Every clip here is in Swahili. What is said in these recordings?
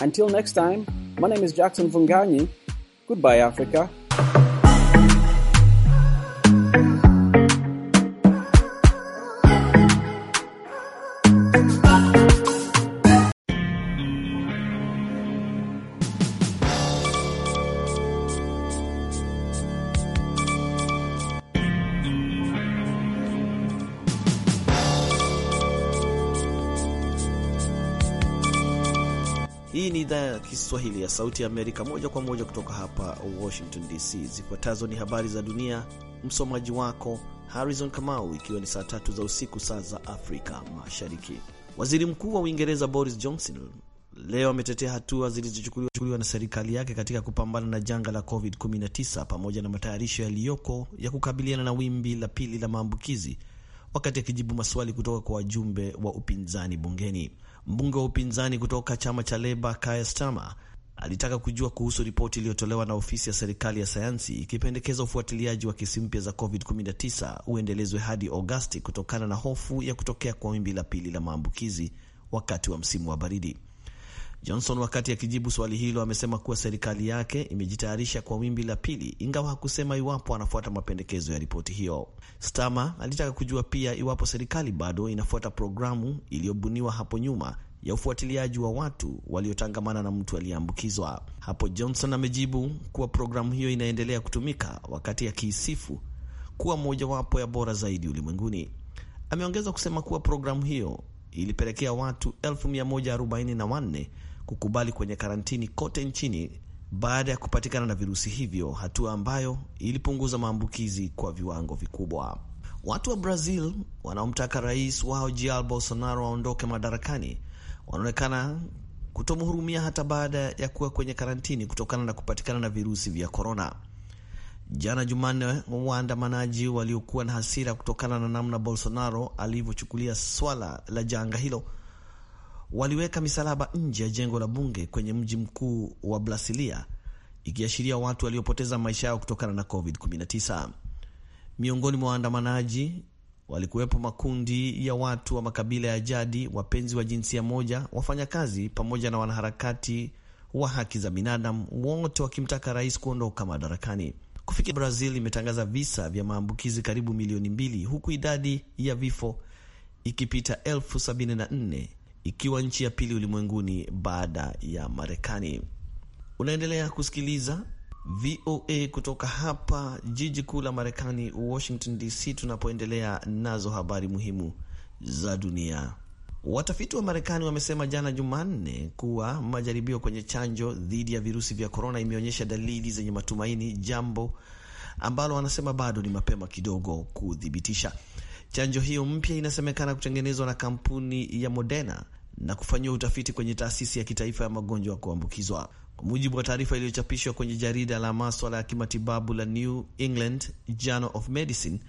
Until next time, my name is Jackson Vungani. Goodbye, Africa. Kiswahili ya Sauti ya Amerika moja kwa moja kutoka hapa Washington DC. Zifuatazo ni habari za dunia, msomaji wako Harrison Kamau, ikiwa ni saa tatu za usiku saa za Afrika Mashariki. Waziri Mkuu wa Uingereza Boris Johnson leo ametetea hatua zilizochukuliwa na serikali yake katika kupambana na janga la COVID-19 pamoja na matayarisho yaliyoko ya kukabiliana na wimbi la pili la maambukizi wakati akijibu maswali kutoka kwa wajumbe wa upinzani bungeni. Mbunge wa upinzani kutoka chama cha Leba Kaya Stama alitaka kujua kuhusu ripoti iliyotolewa na ofisi ya serikali ya sayansi ikipendekeza ufuatiliaji wa kesi mpya za COVID-19 uendelezwe hadi Agosti kutokana na hofu ya kutokea kwa wimbi la pili la maambukizi wakati wa msimu wa baridi. Johnson wakati akijibu swali hilo amesema kuwa serikali yake imejitayarisha kwa wimbi la pili, ingawa hakusema iwapo anafuata mapendekezo ya ripoti hiyo. Stama alitaka kujua pia iwapo serikali bado inafuata programu iliyobuniwa hapo nyuma ya ufuatiliaji wa watu waliotangamana na mtu aliyeambukizwa. Hapo Johnson amejibu kuwa programu hiyo inaendelea kutumika, wakati akiisifu kuwa mojawapo ya bora zaidi ulimwenguni. Ameongeza kusema kuwa programu hiyo ilipelekea watu 1144 kukubali kwenye karantini kote nchini baada ya kupatikana na virusi hivyo, hatua ambayo ilipunguza maambukizi kwa viwango vikubwa. Watu wa Brazil wanaomtaka rais wao Jair Bolsonaro aondoke madarakani wanaonekana kutomhurumia hata baada ya kuwa kwenye karantini kutokana na kupatikana na virusi vya korona. Jana Jumanne, waandamanaji waliokuwa na hasira kutokana na namna Bolsonaro alivyochukulia swala la janga hilo waliweka misalaba nje ya jengo la bunge kwenye mji mkuu wa Brasilia, ikiashiria watu waliopoteza maisha yao kutokana na COVID-19. Miongoni mwa waandamanaji walikuwepo makundi ya watu wa makabila ya jadi, wapenzi wa jinsia moja, wafanyakazi, pamoja na wanaharakati wa haki za binadamu, wote wakimtaka rais kuondoka madarakani. Kufikia Brazil imetangaza visa vya maambukizi karibu milioni mbili huku idadi ya vifo ikipita elfu sabini na nne ikiwa nchi ya pili ulimwenguni baada ya Marekani. Unaendelea kusikiliza VOA kutoka hapa jiji kuu la Marekani, Washington DC, tunapoendelea nazo habari muhimu za dunia. Watafiti wa Marekani wamesema jana Jumanne kuwa majaribio kwenye chanjo dhidi ya virusi vya korona imeonyesha dalili zenye matumaini, jambo ambalo wanasema bado ni mapema kidogo kuthibitisha. Chanjo hiyo mpya inasemekana kutengenezwa na kampuni ya Moderna na kufanyiwa utafiti kwenye taasisi ya kitaifa ya magonjwa ya kuambukizwa. Kwa mujibu wa taarifa iliyochapishwa kwenye jarida la maswala ya kimatibabu la New England Journal of Medicine,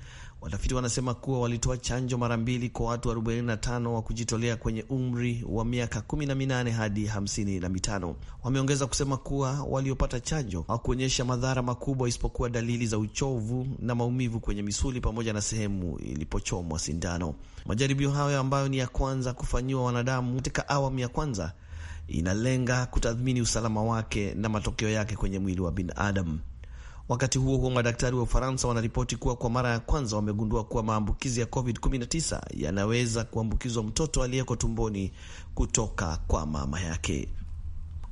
Watafiti wanasema kuwa walitoa chanjo mara mbili kwa watu 45 wa kujitolea kwenye umri wa miaka 18 hadi 55. Wameongeza kusema kuwa waliopata chanjo hawakuonyesha madhara makubwa isipokuwa dalili za uchovu na maumivu kwenye misuli pamoja na sehemu ilipochomwa sindano. Majaribio hayo ambayo ni ya kwanza kufanyiwa wanadamu katika awamu ya kwanza inalenga kutathmini usalama wake na matokeo yake kwenye mwili wa binadamu. Wakati huo huo, madaktari wa Ufaransa wanaripoti kuwa kwa mara ya kwanza wamegundua kuwa maambukizi ya COVID-19 yanaweza kuambukizwa mtoto aliyeko tumboni kutoka kwa mama yake.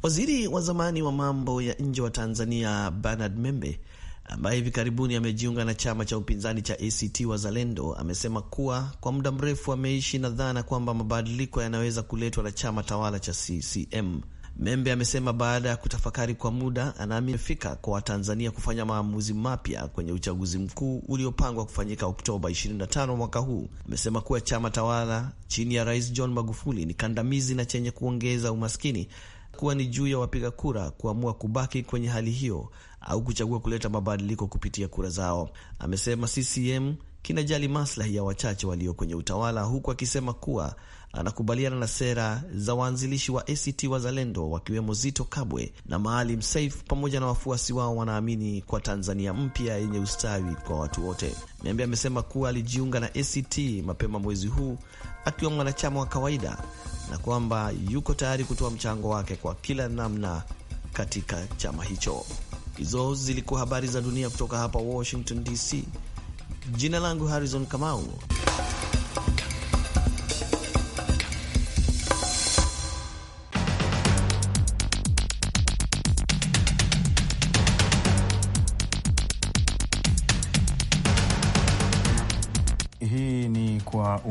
Waziri wa zamani wa mambo ya nje wa Tanzania Bernard Membe ambaye hivi karibuni amejiunga na chama cha upinzani cha ACT Wazalendo amesema kuwa kwa muda mrefu ameishi na dhana kwamba mabadiliko yanaweza kuletwa na chama tawala cha CCM. Membe amesema baada ya kutafakari kwa muda, anaamini kwa Watanzania kufanya maamuzi mapya kwenye uchaguzi mkuu uliopangwa kufanyika Oktoba 25 mwaka huu. Amesema kuwa chama tawala chini ya Rais John Magufuli ni kandamizi na chenye kuongeza umaskini, kuwa ni juu ya wapiga kura kuamua kubaki kwenye hali hiyo au kuchagua kuleta mabadiliko kupitia kura zao. Amesema CCM kinajali maslahi ya wachache walio kwenye utawala, huku akisema kuwa anakubaliana na sera za waanzilishi wa ACT Wazalendo wakiwemo Zito Kabwe na Maalim Seif pamoja na wafuasi wao wanaamini kwa Tanzania mpya yenye ustawi kwa watu wote. Membe amesema kuwa alijiunga na ACT mapema mwezi huu akiwa mwanachama wa kawaida na kwamba yuko tayari kutoa mchango wake kwa kila namna katika chama hicho. Hizo zilikuwa habari za dunia kutoka hapa Washington DC. Jina langu Harrison Kamau.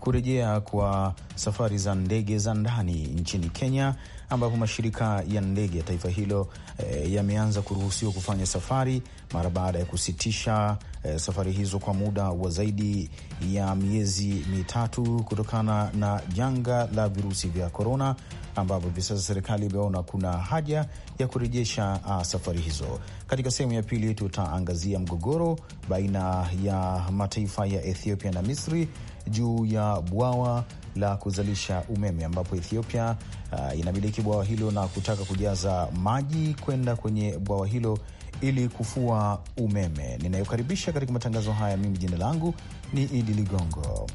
kurejea kwa safari za ndege za ndani nchini Kenya, ambapo mashirika ya ndege ya taifa hilo e, yameanza kuruhusiwa kufanya safari mara baada ya kusitisha e, safari hizo kwa muda wa zaidi ya miezi mitatu kutokana na janga la virusi vya korona, ambapo hivi sasa serikali imeona kuna haja ya kurejesha ah, safari hizo. Katika sehemu ya pili tutaangazia mgogoro baina ya mataifa ya Ethiopia na Misri juu ya bwawa la kuzalisha umeme ambapo Ethiopia uh, inamiliki bwawa hilo na kutaka kujaza maji kwenda kwenye bwawa hilo ili kufua umeme. Ninayokaribisha katika matangazo haya, mimi jina langu ni Idi Ligongo.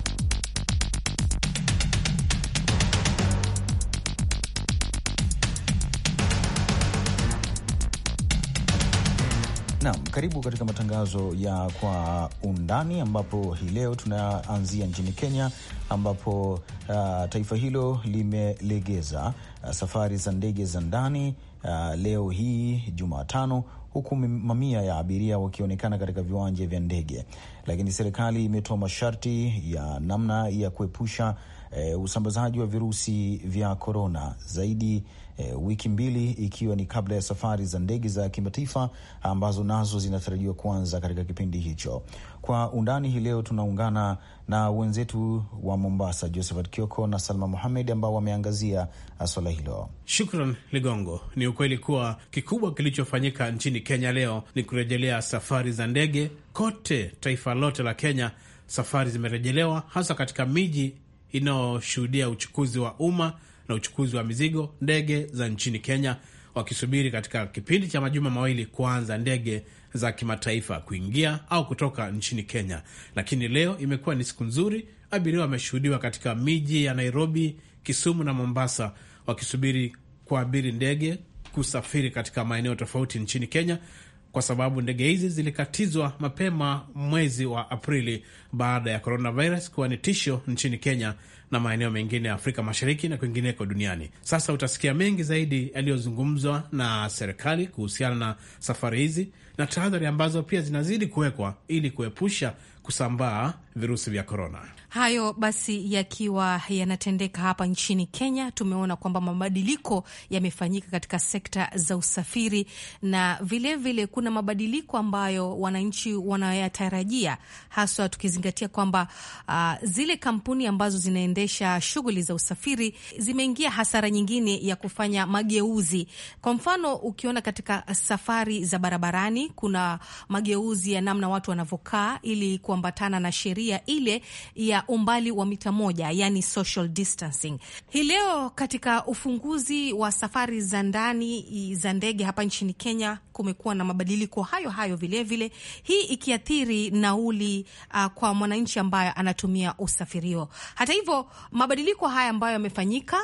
Naam, karibu katika matangazo ya kwa undani ambapo hii leo tunaanzia nchini Kenya ambapo uh, taifa hilo limelegeza uh, safari za ndege za ndani uh, leo hii Jumatano huku mamia ya abiria wakionekana katika viwanja vya ndege, lakini serikali imetoa masharti ya namna ya kuepusha e, usambazaji wa virusi vya korona zaidi e, wiki mbili ikiwa ni kabla ya safari za ndege za kimataifa ambazo nazo zinatarajiwa kuanza katika kipindi hicho. Kwa undani hii leo tunaungana na wenzetu wa Mombasa, Josephat Kioko na Salma Muhamed ambao wameangazia ah, swala hilo. Shukran Ligongo. Ni ukweli kuwa kikubwa kilichofanyika nchini Kenya leo ni kurejelea safari za ndege kote taifa lote la Kenya. Safari zimerejelewa hasa katika miji inayoshuhudia uchukuzi wa umma na uchukuzi wa mizigo, ndege za nchini Kenya wakisubiri katika kipindi cha majuma mawili kuanza ndege za kimataifa kuingia au kutoka nchini Kenya. Lakini leo imekuwa ni siku nzuri, abiria wameshuhudiwa katika miji ya Nairobi, Kisumu na Mombasa wakisubiri kuabiri ndege kusafiri katika maeneo tofauti nchini Kenya kwa sababu ndege hizi zilikatizwa mapema mwezi wa Aprili baada ya coronavirus kuwa ni tisho nchini Kenya na maeneo mengine ya Afrika Mashariki na kwingineko duniani. Sasa utasikia mengi zaidi yaliyozungumzwa na serikali kuhusiana na safari hizi na tahadhari ambazo pia zinazidi kuwekwa ili kuepusha kusambaa virusi vya korona. Hayo basi yakiwa yanatendeka hapa nchini Kenya, tumeona kwamba mabadiliko yamefanyika katika sekta za usafiri na vilevile vile kuna mabadiliko ambayo wananchi wanayatarajia, haswa tukizingatia kwamba uh, zile kampuni ambazo zinaendesha shughuli za usafiri zimeingia hasara nyingine ya kufanya mageuzi. Kwa mfano, ukiona katika safari za barabarani kuna mageuzi ya namna watu wanavyokaa ili kuambatana na sheria ile ya umbali wa mita moja, yani social distancing. Hii leo katika ufunguzi wa safari za ndani za ndege hapa nchini Kenya kumekuwa na mabadiliko hayo hayo vilevile vile. Hii ikiathiri nauli uh, kwa mwananchi ambayo anatumia usafirio. Hata hivyo mabadiliko haya ambayo yamefanyika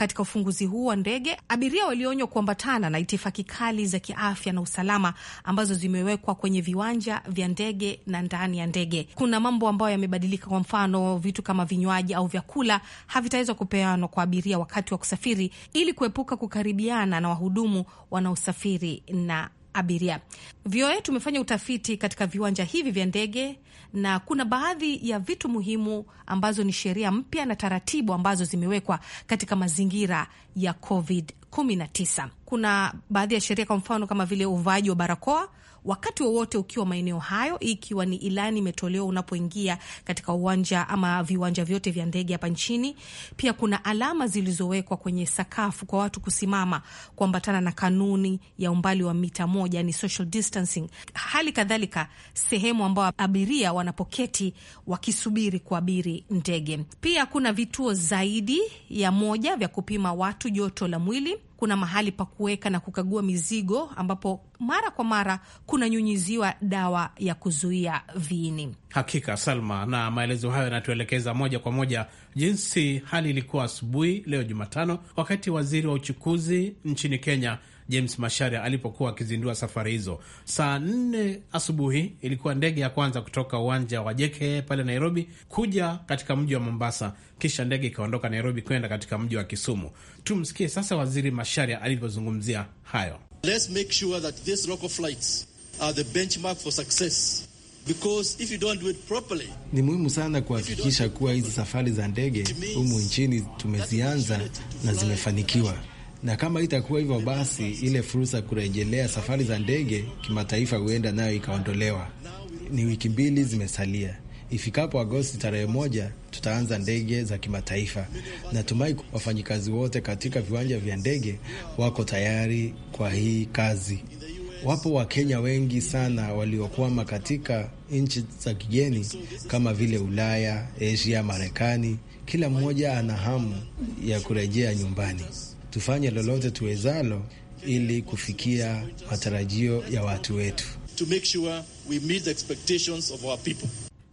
katika ufunguzi huu wa ndege, abiria walionywa kuambatana na itifaki kali za kiafya na usalama ambazo zimewekwa kwenye viwanja vya ndege na ndani ya ndege. Kuna mambo ambayo yamebadilika. Kwa mfano, vitu kama vinywaji au vyakula havitaweza kupeanwa kwa abiria wakati wa kusafiri, ili kuepuka kukaribiana na wahudumu wanaosafiri na abiria. VOA tumefanya utafiti katika viwanja hivi vya ndege na kuna baadhi ya vitu muhimu ambazo ni sheria mpya na taratibu ambazo zimewekwa katika mazingira ya COVID 19. Kuna baadhi ya sheria, kwa mfano kama vile uvaaji wa barakoa wakati wowote ukiwa maeneo hayo, ikiwa ni ilani imetolewa unapoingia katika uwanja ama viwanja vyote vya ndege hapa nchini. Pia kuna alama zilizowekwa kwenye sakafu kwa watu kusimama kuambatana na kanuni ya umbali wa mita moja, ni social distancing. Hali kadhalika sehemu ambayo abiria wanapoketi wakisubiri kuabiri ndege. Pia kuna vituo zaidi ya moja vya kupima watu joto la mwili kuna mahali pa kuweka na kukagua mizigo ambapo mara kwa mara kunanyunyiziwa dawa ya kuzuia viini. Hakika Salma, na maelezo hayo yanatuelekeza moja kwa moja jinsi hali ilikuwa asubuhi leo Jumatano, wakati waziri wa uchukuzi nchini Kenya James masharia alipokuwa akizindua safari hizo. Saa nne asubuhi ilikuwa ndege ya kwanza kutoka uwanja wa jeke pale Nairobi kuja katika mji wa Mombasa, kisha ndege ikaondoka Nairobi kwenda katika mji wa Kisumu. Tumsikie sasa Waziri masharia alivyozungumzia hayo. Let's make sure that these local flights are the benchmark for success. Because if you don't do it properly, ni muhimu sana kuhakikisha kuwa hizi safari za ndege humu nchini tumezianza na zimefanikiwa na kama itakuwa hivyo, basi ile fursa ya kurejelea safari za ndege kimataifa huenda nayo ikaondolewa. Ni wiki mbili zimesalia. Ifikapo Agosti tarehe moja tutaanza ndege za kimataifa. Natumai wafanyikazi wote katika viwanja vya ndege wako tayari kwa hii kazi. Wapo Wakenya wengi sana waliokwama katika nchi za kigeni kama vile Ulaya, Asia, Marekani. Kila mmoja ana hamu ya kurejea nyumbani tufanye lolote tuwezalo ili kufikia matarajio ya watu wetu. To make sure we meet the expectations of our people.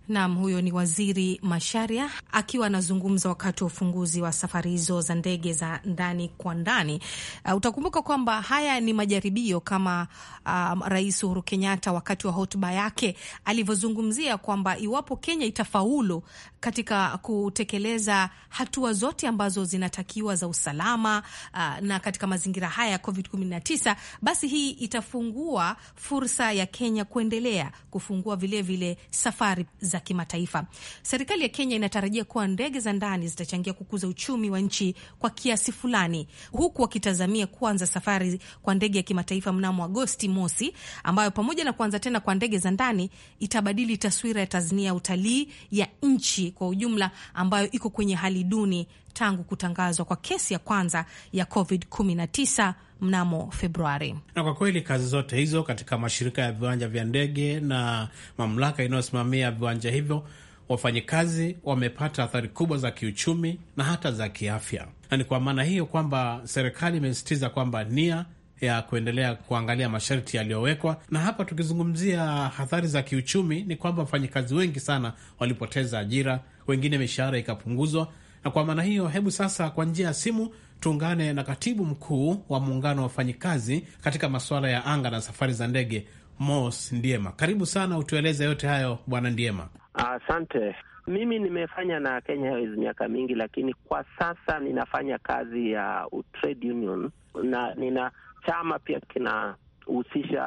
Nam, huyo ni Waziri Masharia akiwa anazungumza wakati wa ufunguzi wa safari hizo za ndege za ndani kwa ndani. Uh, utakumbuka kwamba haya ni majaribio kama uh, Rais Uhuru Kenyatta wakati wa hotuba yake alivyozungumzia kwamba iwapo Kenya itafaulu katika kutekeleza hatua zote ambazo zinatakiwa za usalama uh, na katika mazingira haya ya COVID-19, basi hii itafungua fursa ya Kenya kuendelea kufungua vilevile vile safari za za kimataifa. Serikali ya Kenya inatarajia kuwa ndege za ndani zitachangia kukuza uchumi wa nchi kwa kiasi fulani, huku wakitazamia kuanza safari kwa ndege ya kimataifa mnamo Agosti mosi, ambayo pamoja na kuanza tena kwa ndege za ndani itabadili taswira ya tasnia ya utalii ya nchi kwa ujumla, ambayo iko kwenye hali duni tangu kutangazwa kwa kesi ya kwanza ya COVID-19 mnamo Februari. Na kwa kweli kazi zote hizo katika mashirika ya viwanja vya ndege na mamlaka inayosimamia viwanja hivyo, wafanyikazi wamepata athari kubwa za kiuchumi na hata za kiafya, na ni kwa maana hiyo kwamba serikali imesisitiza kwamba nia ya kuendelea kuangalia masharti yaliyowekwa. Na hapa tukizungumzia athari za kiuchumi, ni kwamba wafanyikazi wengi sana walipoteza ajira, wengine mishahara ikapunguzwa. Na kwa maana hiyo, hebu sasa kwa njia ya simu tuungane na katibu mkuu wa muungano wa wafanyikazi katika masuala ya anga na safari za ndege, Mos Ndiema. Karibu sana, utueleze yote hayo bwana Ndiema. Asante. Mimi nimefanya na Kenya Airways miaka mingi, lakini kwa sasa ninafanya kazi ya trade union na nina chama pia kinahusisha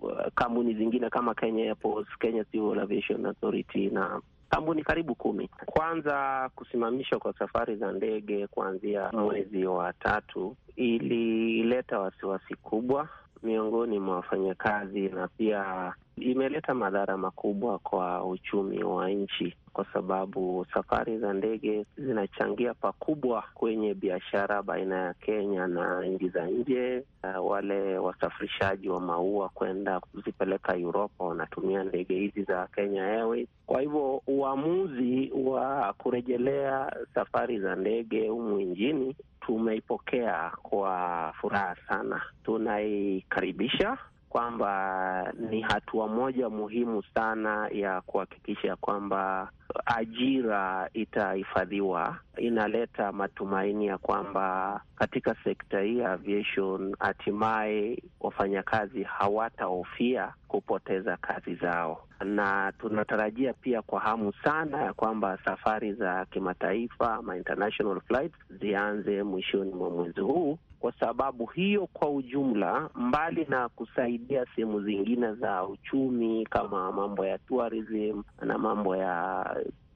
uh, kampuni zingine kama Kenya Airports, Kenya Civil Aviation Authority na kampuni karibu kumi. Kwanza, kusimamishwa kwa safari za ndege kuanzia mm. mwezi wa tatu ilileta wasiwasi kubwa miongoni mwa wafanyakazi na pia imeleta madhara makubwa kwa uchumi wa nchi kwa sababu safari za ndege zinachangia pakubwa kwenye biashara baina ya Kenya na nchi za nje. Uh, wale wasafirishaji wa maua kwenda kuzipeleka Uropa wanatumia ndege hizi za Kenya Airways. Kwa hivyo uamuzi wa kurejelea safari za ndege humu nchini tumeipokea kwa furaha sana, tunaikaribisha kwamba ni hatua moja muhimu sana ya kuhakikisha kwamba ajira itahifadhiwa. Inaleta matumaini ya kwamba katika sekta hii ya aviation, hatimaye wafanyakazi hawatahofia kupoteza kazi zao, na tunatarajia pia kwa hamu sana ya kwamba safari za kimataifa ama international flights zianze mwishoni mwa mwezi huu kwa sababu hiyo, kwa ujumla, mbali na kusaidia sehemu zingine za uchumi kama mambo ya tourism na mambo ya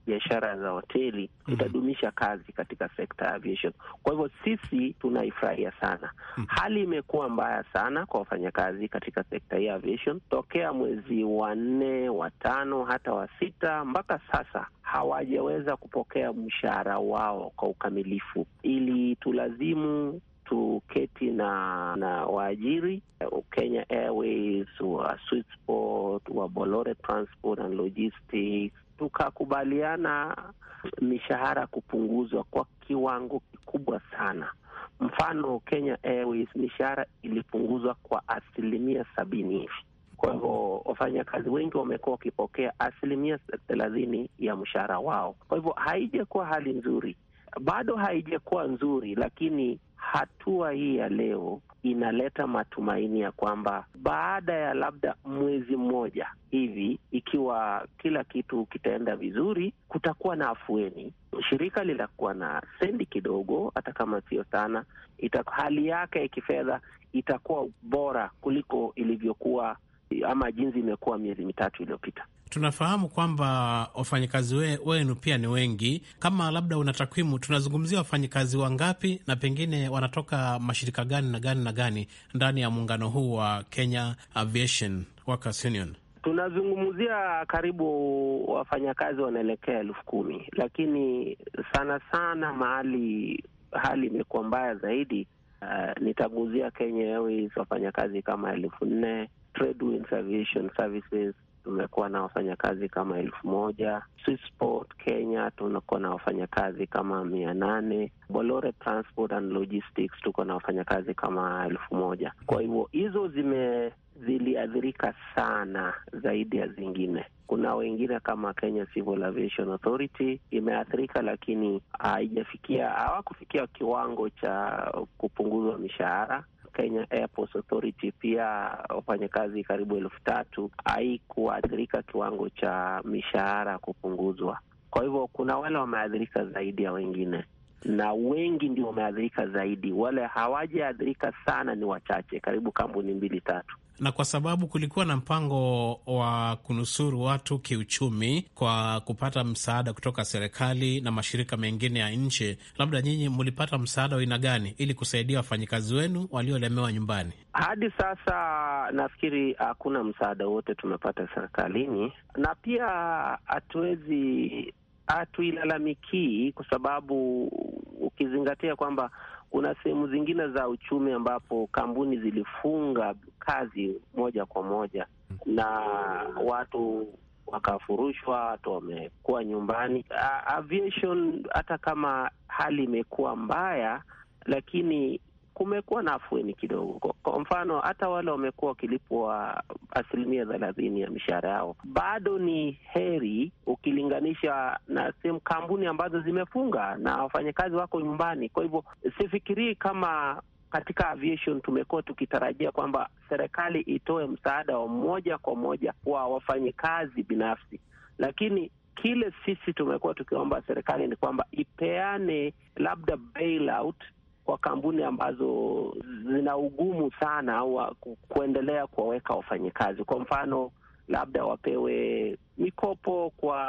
biashara za hoteli mhm. itadumisha kazi katika sekta ya aviation. Kwa hivyo sisi tunaifurahia sana. Mhm. Hali imekuwa mbaya sana kwa wafanyakazi katika sekta hii ya aviation tokea mwezi wa nne, wa tano, hata wa sita mpaka sasa hawajaweza kupokea mshahara wao kwa ukamilifu. Ili tulazimu tuketi na na waajiri uh, Kenya Airways, wa Swissport, wa Bolore Transport and Logistics, tukakubaliana mishahara kupunguzwa kwa kiwango kikubwa sana. Mfano, Kenya Airways mishahara ilipunguzwa kwa asilimia sabini hivi. Kwa hivyo wafanyakazi wengi wamekuwa wakipokea asilimia thelathini ya mshahara wao. Kwa hivyo haijakuwa hali nzuri, bado haijakuwa nzuri, lakini hatua hii ya leo inaleta matumaini ya kwamba baada ya labda mwezi mmoja hivi, ikiwa kila kitu kitaenda vizuri, kutakuwa na afueni. Shirika litakuwa na sendi kidogo, hata kama sio sana. Ita, hali yake ya kifedha itakuwa bora kuliko ilivyokuwa ama jinsi imekuwa miezi mitatu iliyopita tunafahamu kwamba wafanyakazi wenu pia ni wengi. Kama labda una takwimu, tunazungumzia wafanyakazi wangapi na pengine wanatoka mashirika gani na gani na gani ndani ya muungano huu wa Kenya Aviation Workers Union? Tunazungumzia karibu wafanyakazi wanaelekea elfu kumi, lakini sana sana mahali hali imekuwa mbaya zaidi, uh, nitaguzia Kenya Airways wafanyakazi kama elfu nne Aviation Services tumekuwa na wafanyakazi kama elfu moja. Swissport Kenya tunakuwa na wafanyakazi kama mia nane. Bolore Transport and Logistics tuko na wafanyakazi kama elfu moja. Kwa hivyo hizo zime ziliathirika sana zaidi ya zingine. Kuna wengine kama Kenya Civil Aviation Authority imeathirika, lakini haijafikia hawakufikia kiwango cha kupunguzwa mishahara. Kenya Airports Authority pia wafanyakazi karibu elfu tatu haikuathirika kiwango cha mishahara kupunguzwa. Kwa hivyo kuna wale wameathirika zaidi ya wengine, na wengi ndio wameathirika zaidi. Wale hawajaathirika sana ni wachache, karibu kampuni mbili tatu na kwa sababu kulikuwa na mpango wa kunusuru watu kiuchumi kwa kupata msaada kutoka serikali na mashirika mengine ya nchi, labda nyinyi mlipata msaada wa aina gani ili kusaidia wafanyikazi wenu waliolemewa nyumbani? Hadi sasa nafikiri hakuna msaada wote tumepata serikalini, na pia hatuwezi hatuilalamikii kwa sababu ukizingatia kwamba kuna sehemu zingine za uchumi ambapo kampuni zilifunga kazi moja kwa moja na watu wakafurushwa, watu wamekuwa nyumbani. Aviation hata kama hali imekuwa mbaya, lakini kumekuwa na afueni kidogo. Kwa mfano, hata wale wamekuwa wakilipwa asilimia thelathini ya mishahara yao, bado ni heri ukilinganisha na sehemu kampuni ambazo zimefunga na wafanyakazi wako nyumbani. Kwa hivyo sifikirii kama katika aviation tumekuwa tukitarajia kwamba serikali itoe msaada wa moja kwa moja kwa wafanyikazi binafsi, lakini kile sisi tumekuwa tukiomba serikali ni kwamba ipeane labda bailout kwa kampuni ambazo zina ugumu sana wa kuendelea kuwaweka wafanyikazi. Kwa mfano, labda wapewe mikopo kwa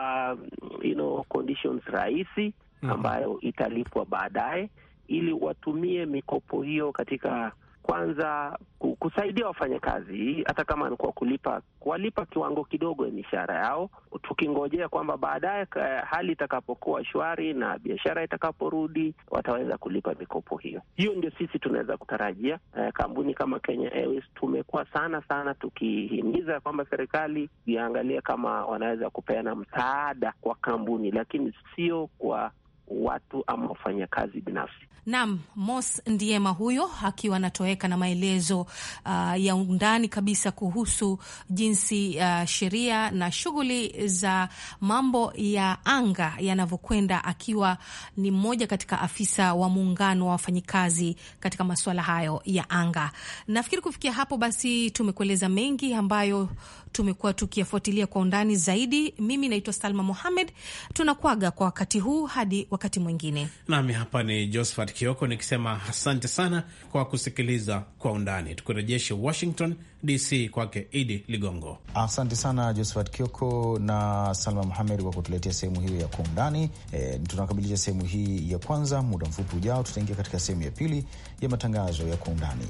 you know, conditions rahisi mhm. ambayo italipwa baadaye, ili watumie mikopo hiyo katika kwanza kusaidia wafanyakazi hata kama ni kwa kulipa kuwalipa kiwango kidogo ya mishahara yao, tukingojea kwamba baadaye eh, hali itakapokuwa shwari na biashara itakaporudi wataweza kulipa mikopo hiyo. Hiyo ndio sisi tunaweza kutarajia. Eh, kampuni kama Kenya Airways tumekuwa sana sana tukihimiza kwamba serikali iangalie kama wanaweza kupeana msaada kwa kampuni, lakini sio kwa watu ama wafanyakazi binafsi. Naam, Mos Ndiema huyo akiwa anatoweka na maelezo uh, ya undani kabisa kuhusu jinsi uh, sheria na shughuli za mambo ya anga yanavyokwenda, akiwa ni mmoja katika afisa wa muungano wa wafanyikazi katika masuala hayo ya anga. Nafikiri kufikia hapo basi tumekueleza mengi ambayo tumekuwa tukiyafuatilia kwa undani zaidi. Mimi naitwa Salma Mohamed, tunakwaga kwa wakati huu hadi wakati mwingine. Nami hapa ni Josephat Kioko nikisema asante sana kwa kusikiliza kwa undani. Tukurejeshe Washington DC kwake Idi Ligongo. Asante sana Josephat Kioko na Salma Mohamed kwa kutuletea sehemu hiyo ya kwa undani. E, tunakamilisha sehemu hii ya kwanza. Muda mfupi ujao, tutaingia katika sehemu ya pili ya matangazo ya kwa undani.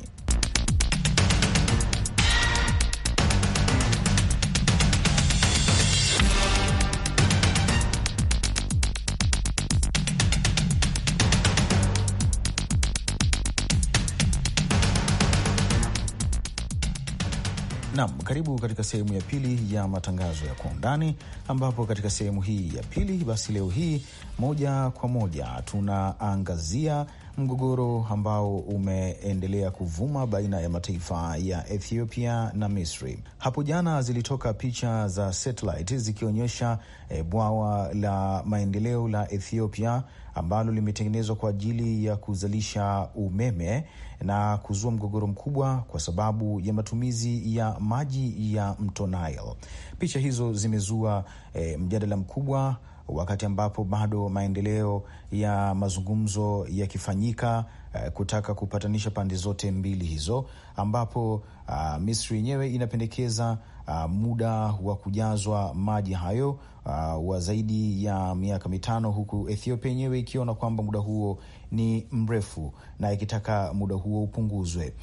Nam, karibu katika sehemu ya pili ya matangazo ya kwa undani, ambapo katika sehemu hii ya pili basi leo hii moja kwa moja tunaangazia mgogoro ambao umeendelea kuvuma baina ya mataifa ya Ethiopia na Misri. Hapo jana zilitoka picha za satellite zikionyesha e, bwawa la maendeleo la Ethiopia ambalo limetengenezwa kwa ajili ya kuzalisha umeme na kuzua mgogoro mkubwa kwa sababu ya matumizi ya maji ya mto Nile. Picha hizo zimezua e, mjadala mkubwa wakati ambapo bado maendeleo ya mazungumzo yakifanyika eh, kutaka kupatanisha pande zote mbili hizo, ambapo uh, Misri yenyewe inapendekeza uh, muda wa kujazwa maji hayo uh, wa zaidi ya miaka mitano, huku Ethiopia yenyewe ikiona kwamba muda huo ni mrefu na ikitaka muda huo upunguzwe.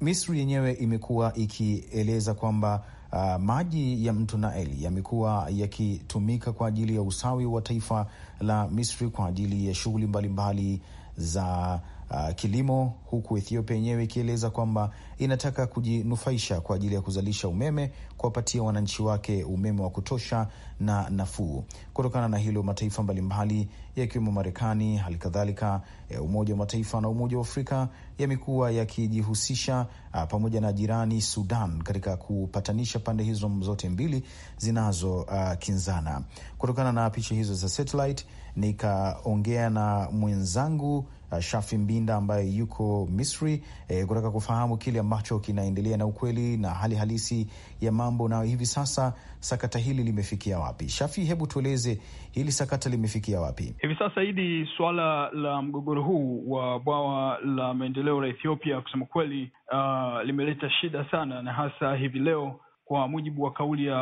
Misri yenyewe imekuwa ikieleza kwamba Uh, maji ya mto Naeli yamekuwa yakitumika kwa ajili ya usawi wa taifa la Misri kwa ajili ya shughuli mbalimbali za uh, kilimo, huku Ethiopia yenyewe ikieleza kwamba inataka kujinufaisha kwa ajili ya kuzalisha umeme, kuwapatia wananchi wake umeme wa kutosha na nafuu. Kutokana na hilo, mataifa mbalimbali yakiwemo Marekani, hali kadhalika eh, Umoja wa Mataifa na Umoja wa Afrika yamekuwa yakijihusisha ah, pamoja na jirani Sudan katika kupatanisha pande hizo zote mbili zinazokinzana. Ah, kinzana kutokana na picha hizo za satellite, nikaongea na mwenzangu Uh, Shafi Mbinda ambaye yuko Misri eh, kutaka kufahamu kile ambacho kinaendelea na ukweli na hali halisi ya mambo, na hivi sasa sakata hili limefikia wapi? Shafi, hebu tueleze hili sakata limefikia wapi hivi sasa? Hili suala la mgogoro huu wa bwawa la maendeleo la Ethiopia kusema kweli, uh, limeleta shida sana na hasa hivi leo kwa mujibu wa kauli ya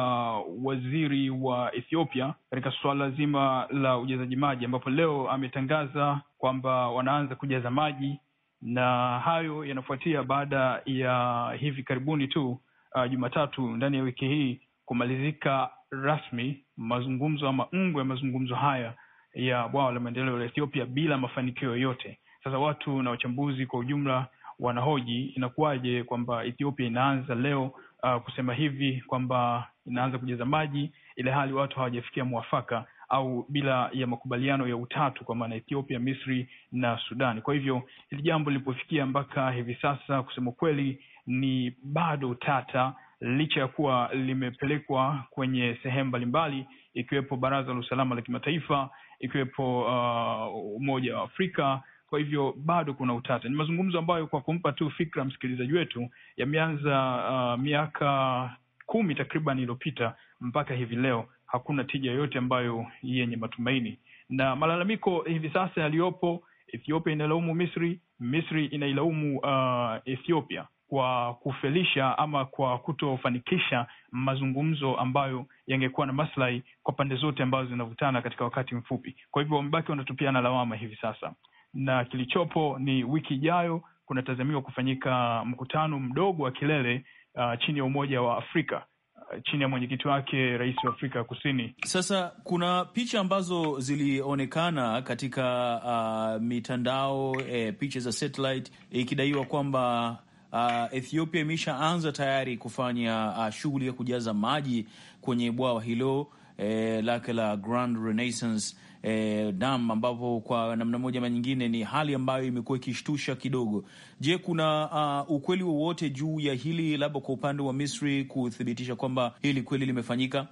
waziri wa Ethiopia katika suala zima la ujazaji maji, ambapo leo ametangaza kwamba wanaanza kujaza maji, na hayo yanafuatia baada ya hivi karibuni tu uh, Jumatatu ndani ya wiki hii kumalizika rasmi mazungumzo ama ungo ya mazungumzo haya ya bwawa la maendeleo la Ethiopia bila mafanikio yoyote. Sasa watu na wachambuzi kwa ujumla wanahoji inakuwaje kwamba Ethiopia inaanza leo uh, kusema hivi kwamba inaanza kujaza maji ile hali watu hawajafikia mwafaka au bila ya makubaliano ya utatu kwa maana Ethiopia, Misri na Sudani. Kwa hivyo hili jambo lilipofikia mpaka hivi sasa, kusema kweli, ni bado tata, licha ya kuwa limepelekwa kwenye sehemu mbalimbali, ikiwepo Baraza la Usalama la Kimataifa, ikiwepo uh, Umoja wa Afrika kwa hivyo bado kuna utata. Ni mazungumzo ambayo kwa kumpa tu fikra msikilizaji wetu yameanza uh, miaka kumi takriban iliyopita mpaka hivi leo hakuna tija yoyote ambayo yenye matumaini, na malalamiko hivi sasa yaliyopo, Ethiopia inailaumu Misri, Misri inailaumu uh, Ethiopia kwa kufelisha ama kwa kutofanikisha mazungumzo ambayo yangekuwa na maslahi kwa pande zote ambazo zinavutana katika wakati mfupi. Kwa hivyo wamebaki wanatupiana lawama hivi sasa na kilichopo ni wiki ijayo kunatazamiwa kufanyika mkutano mdogo wa kilele uh, chini ya Umoja wa Afrika uh, chini ya mwenyekiti wake rais wa Afrika Kusini. Sasa kuna picha ambazo zilionekana katika uh, mitandao eh, picha za satellite ikidaiwa eh, kwamba uh, Ethiopia imeshaanza tayari kufanya uh, shughuli ya kujaza maji kwenye bwawa hilo eh, lake la Grand Renaissance eh, Dam, ambapo kwa namna moja ama nyingine ni hali ambayo imekuwa ikishtusha kidogo. Je, kuna uh, ukweli wowote juu ya hili, labda kwa upande wa Misri kuthibitisha kwamba hili kweli limefanyika?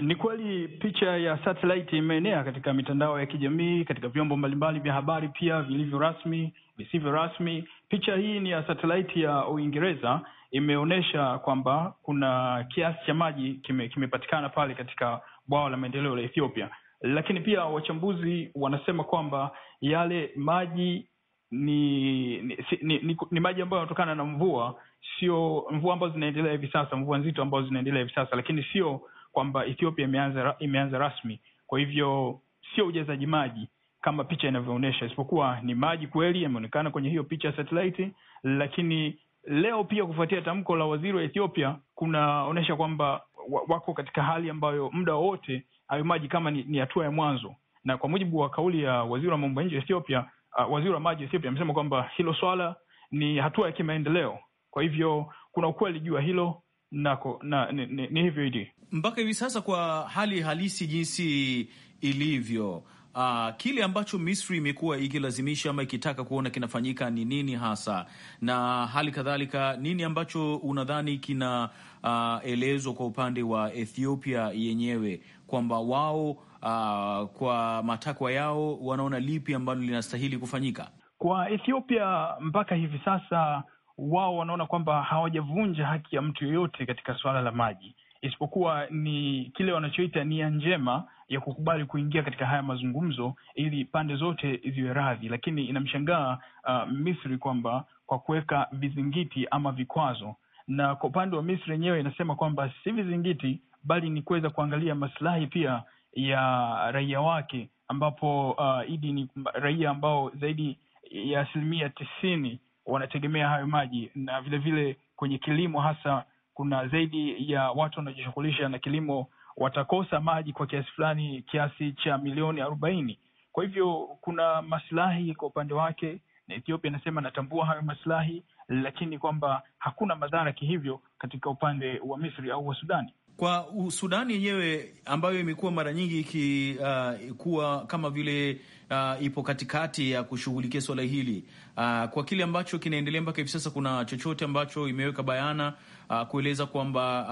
Ni kweli picha ya satellite imeenea katika mitandao ya kijamii, katika vyombo mbalimbali vya habari, pia vilivyo rasmi, visivyo rasmi. Picha hii ni ya satellite ya Uingereza, imeonyesha kwamba kuna kiasi cha maji kime, kimepatikana pale katika bwawa la maendeleo la Ethiopia lakini pia wachambuzi wanasema kwamba yale maji ni ni, ni, ni, ni maji ambayo yanatokana na mvua, sio mvua ambazo zinaendelea hivi sasa, mvua nzito ambazo zinaendelea hivi sasa, lakini sio kwamba Ethiopia imeanza imeanza rasmi. Kwa hivyo sio ujazaji maji kama picha inavyoonyesha, isipokuwa ni maji kweli yameonekana kwenye hiyo picha ya satellite. Lakini leo pia kufuatia tamko la waziri wa Ethiopia kunaonyesha kwamba wako katika hali ambayo muda wowote hayo maji kama ni hatua ya mwanzo, na kwa mujibu wa kauli ya waziri wa mambo ya nje Ethiopia, uh, waziri wa maji Ethiopia amesema kwamba hilo swala ni hatua ya kimaendeleo. Kwa hivyo kuna ukweli juu ya hilo nako, na, ni, ni, ni hivyo idi mpaka hivi sasa kwa hali halisi jinsi ilivyo. Uh, kile ambacho Misri imekuwa ikilazimisha ama ikitaka kuona kinafanyika ni nini hasa, na hali kadhalika nini ambacho unadhani kinaelezwa uh, kwa upande wa Ethiopia yenyewe kwamba wao uh, kwa matakwa yao wanaona lipi ambalo linastahili kufanyika kwa Ethiopia. Mpaka hivi sasa wao wanaona kwamba hawajavunja haki ya mtu yoyote katika suala la maji, isipokuwa ni kile wanachoita nia njema ya kukubali kuingia katika haya mazungumzo ili pande zote ziwe radhi, lakini inamshangaa uh, Misri kwamba kwa kuweka vizingiti ama vikwazo, na kwa upande wa Misri yenyewe inasema kwamba si vizingiti bali ni kuweza kuangalia maslahi pia ya raia wake, ambapo uh, Idi ni raia ambao zaidi ya asilimia tisini wanategemea hayo maji, na vilevile vile kwenye kilimo hasa kuna zaidi ya watu wanaojishughulisha na kilimo watakosa maji kwa kiasi fulani, kiasi cha milioni arobaini. Kwa hivyo kuna masilahi kwa upande wake, na Ethiopia inasema natambua hayo masilahi lakini kwamba hakuna madhara kihivyo katika upande wa Misri au wa Sudani kwa Sudani yenyewe ambayo imekuwa mara nyingi ikikuwa uh, kama vile uh, ipo katikati ya kushughulikia swala hili uh, kwa kile ambacho kinaendelea mpaka hivi sasa, kuna chochote ambacho imeweka bayana uh, kueleza kwamba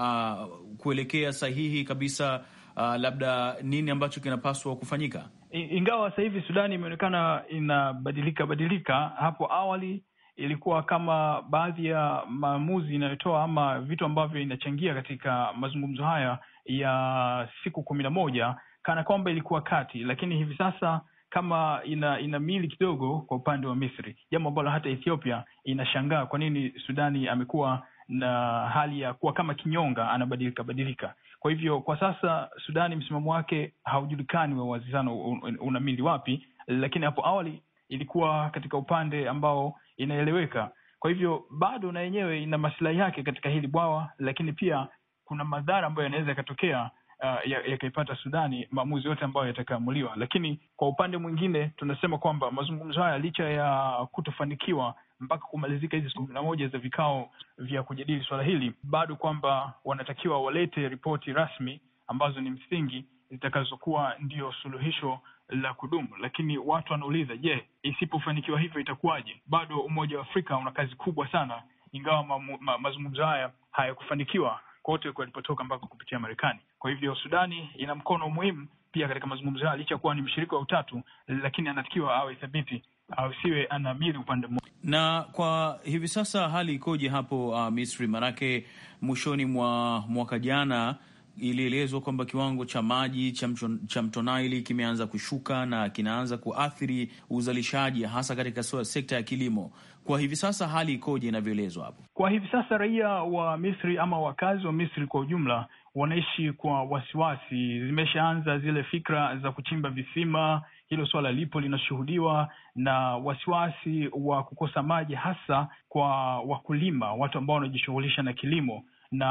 uh, kuelekea sahihi kabisa uh, labda nini ambacho kinapaswa kufanyika, ingawa sasa hivi Sudani imeonekana inabadilika badilika. Hapo awali ilikuwa kama baadhi ya maamuzi inayotoa ama vitu ambavyo inachangia katika mazungumzo haya ya siku kumi na moja kana kwamba ilikuwa kati, lakini hivi sasa kama ina ina mili kidogo kwa upande wa Misri, jambo ambalo hata Ethiopia inashangaa kwa nini Sudani amekuwa na hali ya kuwa kama kinyonga, anabadilika badilika. Kwa hivyo kwa sasa Sudani msimamo wake haujulikani wa wazi sana mili wapi, lakini hapo awali ilikuwa katika upande ambao inaeleweka. Kwa hivyo bado na yenyewe ina masilahi yake katika hili bwawa, lakini pia kuna madhara ambayo yanaweza yakatokea uh, yakaipata ya Sudani maamuzi yote ambayo yatakaamuliwa. Lakini kwa upande mwingine tunasema kwamba mazungumzo haya licha ya kutofanikiwa mpaka kumalizika hizi siku kumi na moja za vikao vya kujadili suala hili, bado kwamba wanatakiwa walete ripoti rasmi ambazo ni msingi zitakazokuwa ndio suluhisho la kudumu. Lakini watu wanauliza, je, isipofanikiwa hivyo itakuwaje? Bado Umoja wa Afrika una kazi kubwa sana, ingawa ma, ma, mazungumzo haya hayakufanikiwa kote walipotoka mpaka kupitia Marekani. Kwa hivyo Sudani ina mkono muhimu pia katika mazungumzo haya, licha kuwa ni mshirika wa utatu, lakini anatakiwa awe thabiti asiwe anaamiri upande mmoja. Na kwa hivi sasa hali ikoje hapo uh, Misri? Manake mwishoni mwa mwaka jana ilielezwa kwamba kiwango cha maji cha, cha mto Naili kimeanza kushuka na kinaanza kuathiri uzalishaji hasa katika sekta ya kilimo. Kwa hivi sasa hali ikoje inavyoelezwa hapo? Kwa hivi sasa raia wa Misri ama wakazi wa Misri kwa ujumla wanaishi kwa wasiwasi. Zimeshaanza zile fikra za kuchimba visima, hilo swala lipo linashuhudiwa, na wasiwasi wa kukosa maji, hasa kwa wakulima, watu ambao wanajishughulisha na kilimo na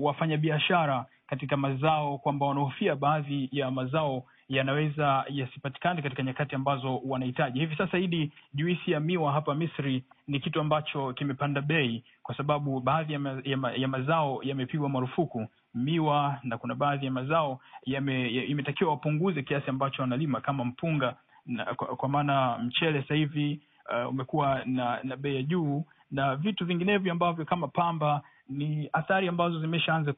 wafanyabiashara katika mazao, kwamba wanahofia baadhi ya mazao yanaweza yasipatikane katika nyakati ambazo wanahitaji. Hivi sasa hidi juisi ya miwa hapa Misri ni kitu ambacho kimepanda bei kwa sababu baadhi ya, ma, ya, ma, ya mazao yamepigwa marufuku miwa, na kuna baadhi ya mazao imetakiwa wapunguze kiasi ambacho wanalima kama mpunga na, kwa, kwa maana mchele sasa hivi uh, umekuwa na, na bei ya juu na vitu vinginevyo ambavyo kama pamba ni athari ambazo zimeshaanza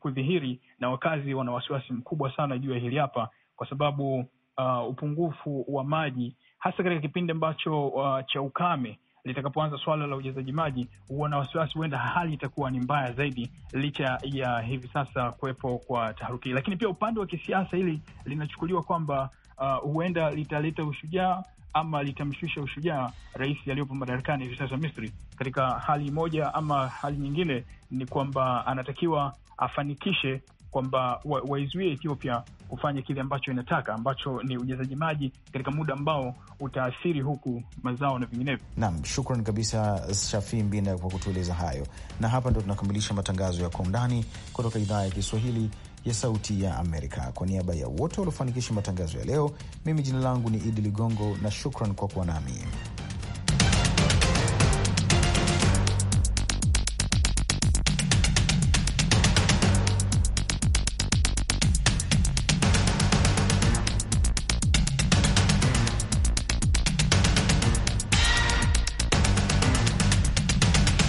kudhihiri na wakazi wana wasiwasi mkubwa sana juu ya hili hapa, kwa sababu uh, upungufu wa maji hasa katika kipindi ambacho uh, cha ukame litakapoanza swala la ujezaji maji, huwa na wasiwasi, huenda hali itakuwa ni mbaya zaidi, licha ya hivi sasa kuwepo kwa taharuki. Lakini pia upande wa kisiasa, hili linachukuliwa kwamba uh, huenda uh, litaleta ushujaa ama litamshusha ushujaa rais aliyopo madarakani hivi sasa Misri. Katika hali moja ama hali nyingine, ni kwamba anatakiwa afanikishe kwamba waizuie wa Ethiopia kufanya kile ambacho inataka ambacho ni ujazaji maji katika muda ambao utaathiri huku mazao na vinginevyo. Naam, shukran kabisa Shafi Mbinda kwa kutueleza hayo, na hapa ndo tunakamilisha matangazo ya Kwa Undani kutoka idhaa ya Kiswahili ya Sauti ya Amerika. Kwa niaba ya wote waliofanikisha matangazo ya leo, mimi jina langu ni Idi Ligongo na shukran kwa kuwa nami.